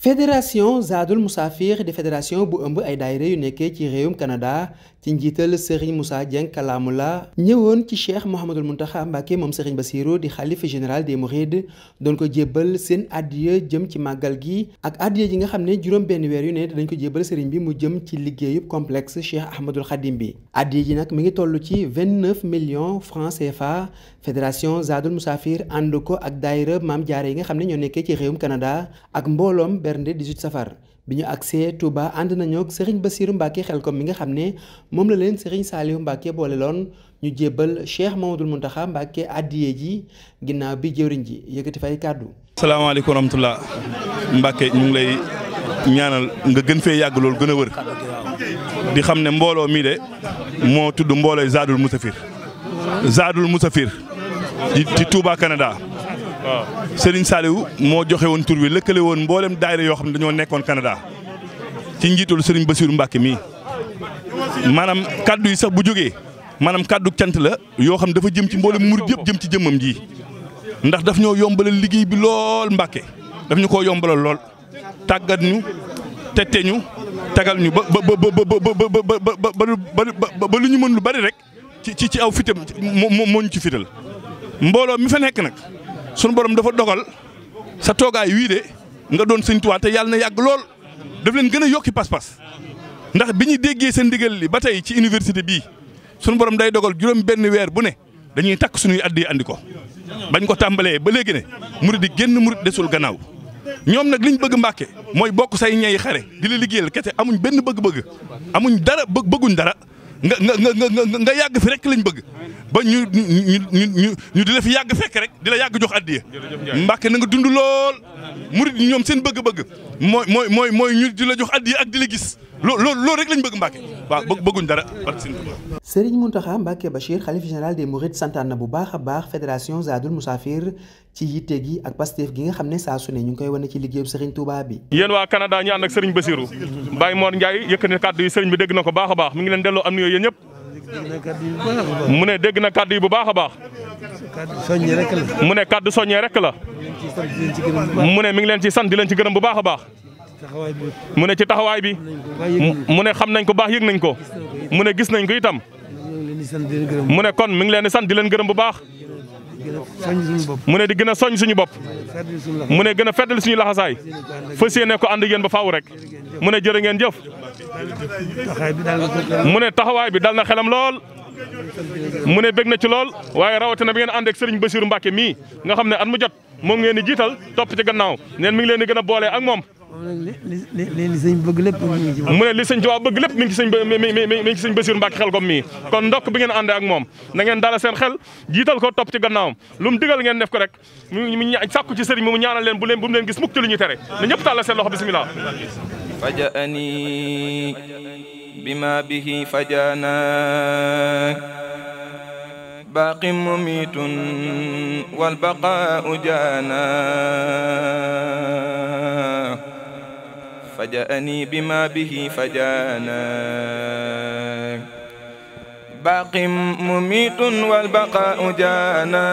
fédération Zaadul Musaafir di fédération bu ëmb ay daayira yu nekkee ci réewum Canada ci njiital Serigne Moussa jenkalaamu la ñëwoon ci cheikh Mouhamadul Mountakha Mbacké moom Serigne Bassirou di xalifa général des Mourides doon ko jébbal seen addiya jëm ci màggal gi ak addiya ji nga xam ne juróom benn weer yu ne dañ ko jébbal Serigne bi mu jëm ci liggéeyub complexe cheikh Ahmadul Khadim bi addiya ji nag mi ngi toll ci 29 millions francs CFA fédération Zadul Musafir ànd ko ak daayira Maam jaare yi nga xam ne ñoo nekkee ci réewum Canada ak mbooloom bernde 18 bi ñu agsee Touba ànd nañoo ak Serigne Bassirou xel Xelkom mi nga xam ne moom la leen Serigne Saliou Mbacke boole loon ñu jébbal Cheikh Mamadou Mountakha Mbacke addiye ji ginnaaw bi jëwriñ ji yëkkati fay kàddu. salaamaaleykum wa rahmatulah Mbacke ñu ngi lay ñaanal nga gën fee yàgg loolu gën a wër di xam ne mbooloo mii de moo tudd mboolooy Zadul Musafir Zadul Musafir di Touba kanadaa Serigne Saliou moo joxe woon tur wi lëkkale woon mboolem daayira yoo xam ne dañoo nekkoon Canada ci njiitul Serigne Bassirou Mbacke mii. maanaam kàddu yi sax bu jógee maanaam kàddu cant la yoo xam dafa jëm ci mbooleem murid yëpp jëm ci jëmmam ji ndax daf ñoo yombalal liggéey bi lool Mbacke daf ñu koo yombalal lool tàggat ñu tette ñu tagal ñu ba ba ba ba ba ba lu ñu mën lu bari rek ci ci aw fitam moo moo ñu ci fital mbooloo mi fa nekk nag. sunu borom dafa dogal sa toogaay wii de nga doon sëñ Tuubaa yàlla na yàgg lool daf leen gën a yokki pas-pas ndax bi ñu déggee seen ndigal li ba tey ci université bii sunu borom day dogal juróom benn weer bu ne dañuy takk suñuy addi andi ko bañ ko tàmbalee ba léegi ne murid di génn murid desul gannaaw ñoom nag liñ bëgg Mbàkke mooy bokk say ñay xare di la liggéeyal kete amuñ benn bëgg-bëgg amuñ dara bëgguñ dara nga nga nga nga yàgg fi rekk lañ bëgg ba ñu ñu ñu ñu di la fi yàgg fekk rek di la yàgg jox addiya Mbàkke na nga dund lool murid ñoom seen bëgg-bëgg mooy mooy mooy mooy ñu di la jox addiya ak di la gis loo loolu rek lañ bëgg Mbacke waaw bëgguñ dara barke Sëriñ Tuubaa Serigne Mountakha Mbacke xalif général des Mourides santaan na bu baax a baax fédération Zadul Musafir ci yitte gi ak Pastef gi nga xam ne saa su ne ñu ngi koy wane ci liggéeyu Serigne Touba bi yéen waa Canada ñu ànd ak Serigne Bassirou Baye Mor Ndiaye yëkkati kàddu yi Serigne bi dégg na ko baax baax mi ngi leen delloo am nuyoo yéen ñëpp mu ne dégg na kàddu yi bu baax a baax mu ne kàddu soññee rek la mu ne mi ngi leen ci sant di leen ci gërëm bu baax a baax mu ne ci taxawaay bi mu ne xam nañ ko baax yëg nañ ko mu ne gis nañ ko itam mu ne kon ngi leen sant di leen gërëm bu baax mu ne di gën a soñ suñu bopp mu ne gën a feddal suñu laxasaay fas yéene ko ànd yéen ba faaw rek mu ne jërë ngeen jëf mu ne taxawaay bi dal na xelam lool mu ne bég na ci lool waaye rawatina bi ngeen ànd ak sëriñ Bassirou Mbacke mii nga xam ne at mu jot moom ngeen di jiital topp ci gannaaw neen mi ngi leen di gën a boole ak moom li sëñ bëgg lépp mu ne li sëñ Tuubaa bëgg lépp mi ngi ci sëñ mi mi mi ngi sëñ Basiiru Mbàkke xel kom mii kon ndokk bi ngeen àndee ak moom na ngeen seen xel jiital ko topp ci gannaawam lu digal ngeen def ko rek mu sàkku ci sëriñ mu ñaanal leen bu leen gis mukk ci li na ñëpp tàllal seen loxo bismillah fajaani bima bihi fajaana باق مميت والبقاء جانا فجأني بما به فجانا باق مميت والبقاء جانا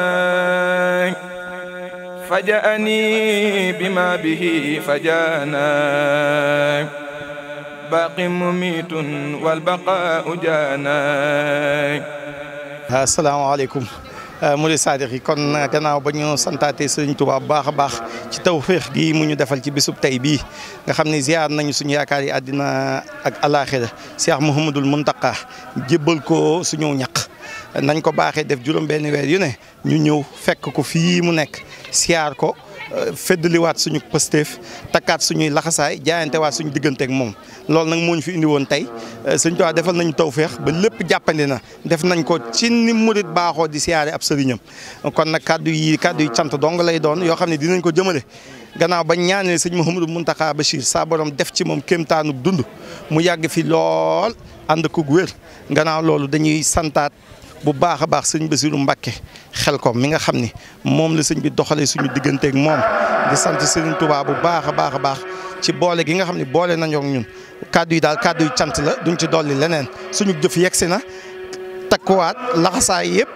فجأني بما به فجانا باق مميت والبقاء جانا السلام عليكم mu di saadix yi kon gannaaw ba ñu santaate Sëriñ Tuubaa bu baax a baax ci tawféex gi mu ñu defal ci bisub tey bii nga xam ne ziar nañu suñu yaakaar yi àddina ak alaaxira Cheikh Mouhamadul Muntaqa jébbal ko suñu ñaq nañ ko baaxee def juróom benn weer yu ne ñu ñëw fekk ko fii mu nekk ziar ko. feddaliwaat suñu pësteef takkaat suñuy laxasaay jaayantewaat suñu digganteek moom loolu nag moo ñu fi indi woon tey euh, sëñ Tuubaa defal nañu tawféex ba lépp jàppandi na def nañ ko ci ni murit baaxoo di siyaare ab sëriñam kon nag kàddu yi kàddu yi cant dong lay doon yoo xam ne dinañ ko jëmale gannaaw ba ñaanee sëñ Mouhamadou Mountakha Bachir saa borom def ci moom kéemtaanu dund mu yàgg fi lool ànd ko wér gannaaw loolu dañuy santaat bu baax a baax sëñ Basiru Mbàkke xel ko mi nga xam ni moom la sëñ bi doxalee suñu digganteek moom di sant sëriñ tubaab bu baax a baax a baax ci boole gi nga xam ne boole nañoo ñun kàddu yi daal kàddu yu cant la duñ ci dolli leneen suñu jëf yegsi na takkuwaat laxasaay yëpp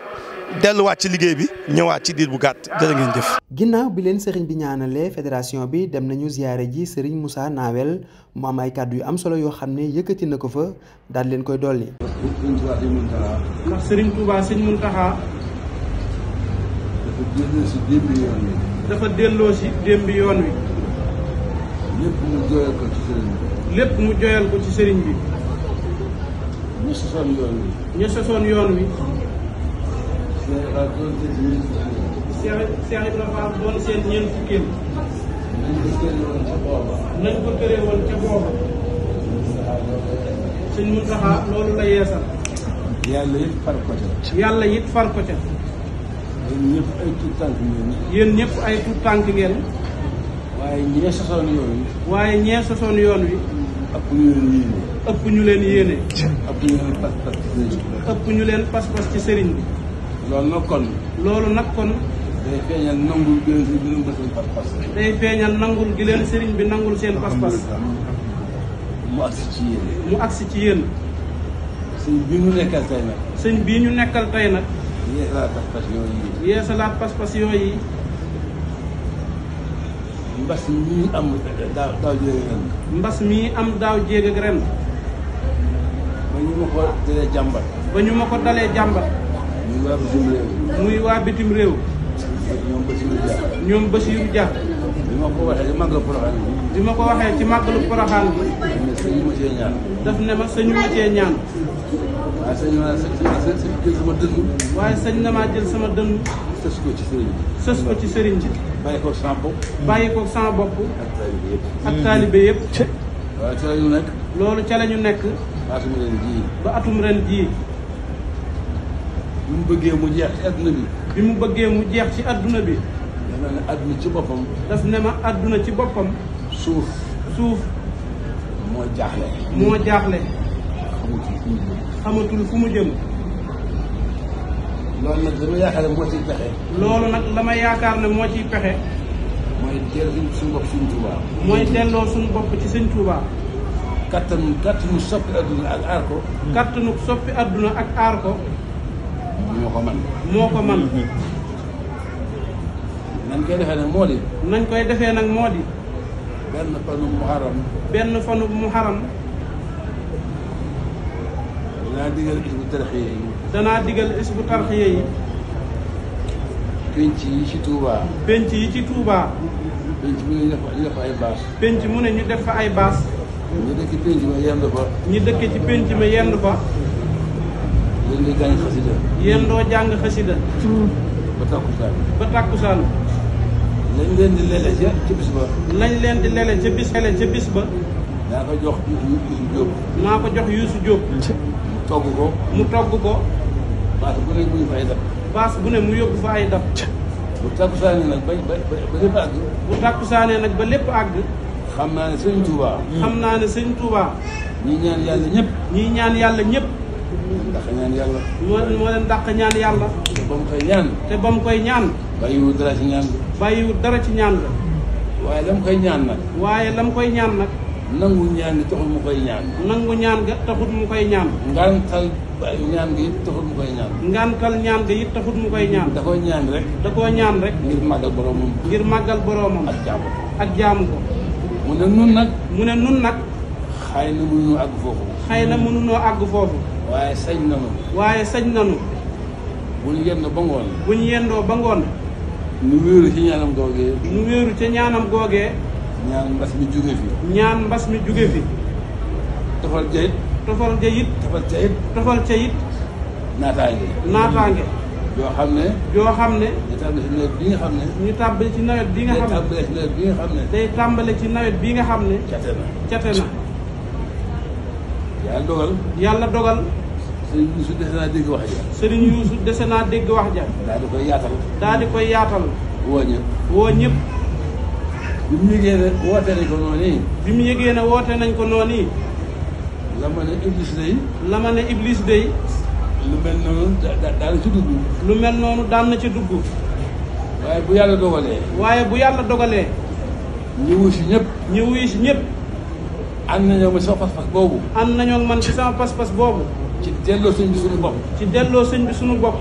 delluwaat ci liggéey bi ñëwaat ci diir bu gàtt jërë ngeen jëf. ginnaaw bi leen sëriñ bi ñaanalee fédération bi dem nañu ziyaare ji sëriñ Moussa Nawel mu am ay kàddu yu am solo yoo xam ne yëkkati na ko fa daal leen koy dolli. dafa delloo ci sëriñ yoon wi. Cheikh Ibra Fall doon seen ñeent fukkeel nañ ko tëree woon ca booba loolu la yeesal yàlla it far ko ca yàlla it far ko ca yéen ñëpp ay tuut tànk ngeen yéen ñëpp ay tuut tànk ngeen waaye ñee sosoon yoon wi waaye ñee sosoon yoon wi ëpp ñu leen yéene ëpp ñu ñu leen pas-pas ci sëriñ ëpp ñu leen pas-pas ci sëriñ bi loolu nag kon. loolu nag kon. day feeñal nangul gi sëriñ bi nangul seen pas-pas. day feeñal nangul gi leen sëriñ bi nangul seen pas mu agsi ci yéen. mu agsi ci yéen. sëñ bii ñu nekkal tey nag. sëñ bii ñu nekkal tey nag. yeesalaat pas-pas yooyu. yeesalaat pas-pas yooyu. mbas mii am daaw daaw jéeg ren. mbas mii am daaw jéeg ren. ba ñu ma ko dalee jàmbat. ba ñu ma ko dalee jàmbat. muy waa bitim réew. muy waa bitim réew. ñoom Basiirou Dia. ñoom Basiirou bi ma ko waxee ci màggalu poroxaan bi. ma ko waxee ci màggalu poroxaan bi. sëñ ma cee ñaan. daf ne ma sëñ ma cee ñaan. waaye sëñ ma jël sëñ na maa jël sama dënnu. sës ko ci sëriñ bi. sës ko ci sëriñ bi. bàyyi koog sama bopp. bàyyi koog sama bopp. ak taalibe yëpp. ak taalibe ca la nekk. loolu ca la ñu nekk. ba ba atum ren jii. bi mu bëggee mu jeex ci adduna bi bi mu bëggee mu jeex ci àdduna bi dana ne adduna ci boppam daf ne ma adduna ci boppam suuf suuf moo jaaxle moo jaaxle xamatul fu mu jëm xamatul fu mu jëm loolu nag dama yaakaar ne moo ciy pexe loolu nag dama yaakaar ne moo ciy pexe mooy delloo suñu bopp suñu Tuubaa mooy delloo suñu bopp ci suñ Tuubaa kattanu kattanu soppi adduna ak aar ko kattanu soppi adduna ak aar ko moo ko man moo ko man nañ koy defe nag moo nañ koy defee nag moo di benn fanu muharam benn fanu muharam danaa digal isbu tarxiye yi danaa digal isbu tarxiye yi penc yi ci Touba. penc yi ci Touba. penc mu ne ñu def ay baas. penc mu ne ñu def fa ay baas. ñu dëkk penc ma yendu fa. ñu dëkk ci penc ma yendu fa. yéen ñoo jàng xasida. yéen doo jàng xasida. ba tàkkusaan. ba tàkkusaan. lañ leen di ba. lañ leen di lele ca bis. ba. maa ko jox Youssou Diop. maa ko mu togg ko. mu togg ko. bu fa ay dab. bu ne mu yóbbu fa ay dab. tàkkusaanee nag ba ba ba lépp àgg. bu tàkkusaanee nag ba lépp àgg. xam naa ne sëñ Touba. xam naa ne sëñ Touba. ñii ñaan yàlla ñëpp. ñii ñaan yàlla ñëpp. dàq ñaan yàlla. moo moo leen dàq ñaan yàlla. te ba mu koy ñaan. te ba mu koy ñaan. bàyyiwul dara ci ñaan la. bàyyiwul dara ci ñaan la. waaye la mu koy ñaan nag. waaye la mu koy ñaan nag. nangu ñaan gi taxul mu koy ñaan. nangu ñaan ga taxul mu koy ñaan. ngantal ñaan ga it taxul mu koy ñaan. ngantal ñaan ga it taxul mu koy ñaan. da koo ñaan rek. da koo ñaan rek. ngir màggal boroomam. ngir màggal boroomam. ak jaamu ko ak jaamu ko. mu ne nun nag. mu ne nun nag. xay na mënuñoo àgg foofu. xay na mënuñoo àgg foofu. waaye sañ nanu waaye sañ nanu bu ñu yendoo ba ngoon bu yendoo ba ngoon nu wéeru ci ñaanam googee nu wéeru ci ñaanam googee ñaan mbas mi jóge fi ñaan mbas mi jóge fi tofal jayit tofal jayit tofal jayit tofal jayit naataange naataange yoo xam ne yoo xam ne ñu tàmbale ci nawet bi nga xam ne ñu tàmbale ci nawet bi nga xam ne day tàmbale ci nawet bi nga xam ne cate na cate na yàlla dogal Serigne Youssou dese naa dégg wax ja. Serigne Youssou dese naa dégg wax ja. daal di koy yaatal. daal di koy yaatal. woo ñëpp. woo ñëpp. bi mu yëgee ne wootee nañ ko noonu yi. bi mu yëgee na woote nañ ko noonu la ma ne Iblis day. la ma ne Iblis day. lu mel noonu daan na ci dugg. lu mel noonu daan na ci dugg. waaye bu yàlla dogalee. waaye bu yàlla dogalee. ñi wuyu si ñëpp. ñi wuyu si ñëpp. ànd nañoo man sama pas-pas boobu. ànd nañoo man ci sama pas-pas boobu. ci delloo sëñ bi suñu bopp. ci delloo sëñ bi suñu bopp.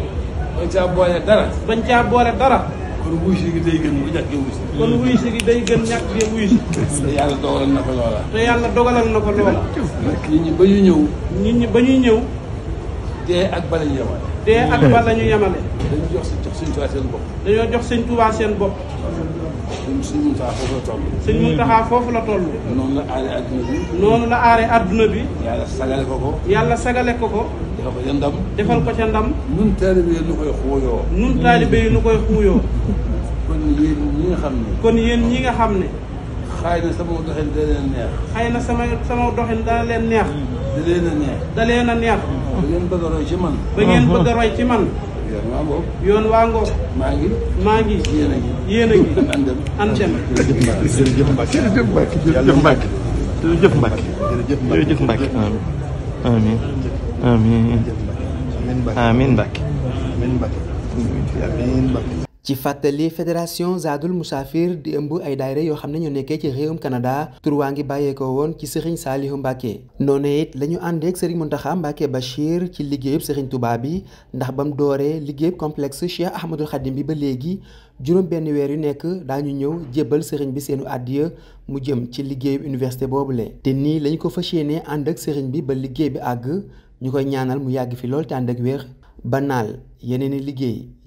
bañ caa boole dara. bañ caa boole dara. kon wuyu si gi day gën mu ñàkkee wuyu si. kon wuyu si gi day gën ñàkkee wuyu si. te yàlla dogalal na ko loola. te yàlla dogalal na ko loola. nit ñi ba ñuy ñëw. nit ñi ba ñuy ñëw. dee ak ba ñu yemale. dee ak bala ñu yemale. dañu jox jox seen dañoo jox sëñ Tuubaa seen bopp. sëñ Muntaxa foofu la toll. sëñ Muntaxa foofu la toll. noonu la aaree adduna bi. noonu la aaree adduna bi. yàlla sagale ko ko. yàlla sagale ko ko. defal ko ca ndam. defal ko ca ndam. nun taalibe yi nu koy xuuyoo. nun taalibe yi nu koy xuuyoo. kon yéen ñi nga xam ne. kon yéen ñi nga xam ne. xay na sama doxin da leen neex. xay na sama sama doxin da leen neex. da leen a neex. da leen a neex. ba ngeen bëgg ci man. ba ngeen bëgg ci man. yoon waa ngoog. yoon waa ngoog. maa ngi. maa ngi yéen a ngi. yéen a ngi an dem an dem. jërëjëf Mbacke jërëjëf Mbacke ci fàttali fédération zaadul Musafir di ëmb ay daayira yoo xam ne ñoo nekkee ci réewum kanada tur waa ngi bàyyeekoo woon ci Serigne Saliou Mbacke. noonu it la ñu àndeek Serigne Mountakha Mbacke Bachir ci liggéeyub Serigne Touba bi ndax ba mu dooree liggéeyub complexe Cheikh Ahmadul Khadim bi ba léegi juróom benn weer yu nekk daañu ñëw jébbal sëriñ bi seenu àddiya mu jëm ci liggéeyub université boobu le te nii lañ ko fas yéenee ànd ak Serigne bi ba liggéey bi àgg ñu koy ñaanal mu yàgg fi lool te ànd ak yeneen i liggéey.